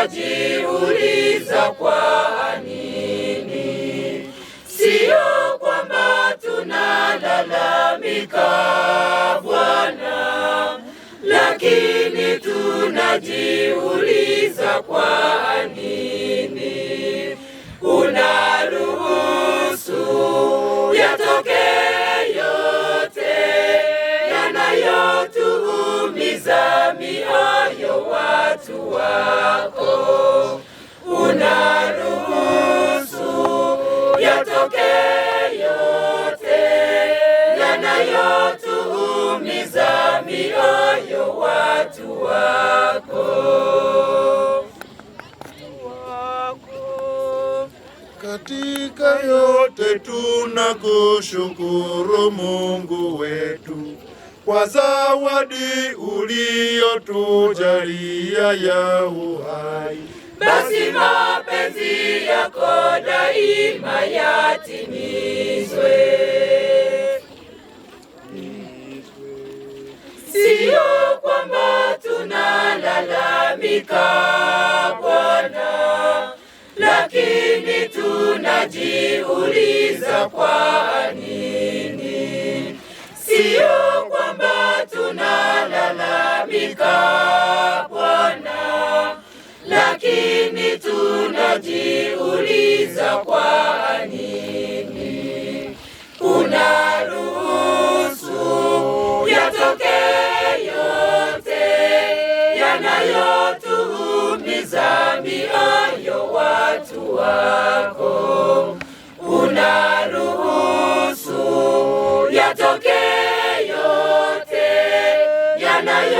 Tunajiuliza kwa nini? Sio kwamba tunalalamika Bwana, lakini tunajiuliza kwa nini unaruhusu yatoke yote yanayotuumiza mioyo wako unaruhusu yatoke yote yanayotuumiza mioyo watu wako katika yote tunakushukuru Mungu wetu kwa zawadi uliyo uliotujalia ya uhai, basi mapenzi yako daima yatimizwe, siyo kwamba tunalalamika Bwana, lakini tunajiuliza kwa nini kukubalika Bwana, lakini tunajiuliza kwa nini unaruhusu yatoke yote yanayotuumiza mioyo watu wako unaruhusu yatoke yote yanayo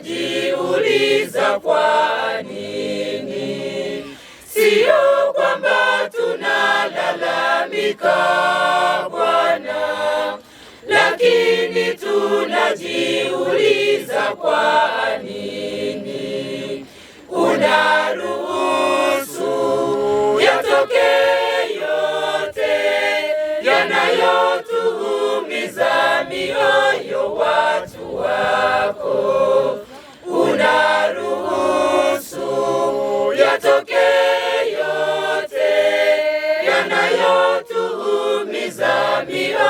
tunajiuliza kwa nini? Sio kwamba tunalalamika Bwana, lakini tunajiuliza kwa nini unaruhusu yatoke yote yanayotuumiza mioyo happy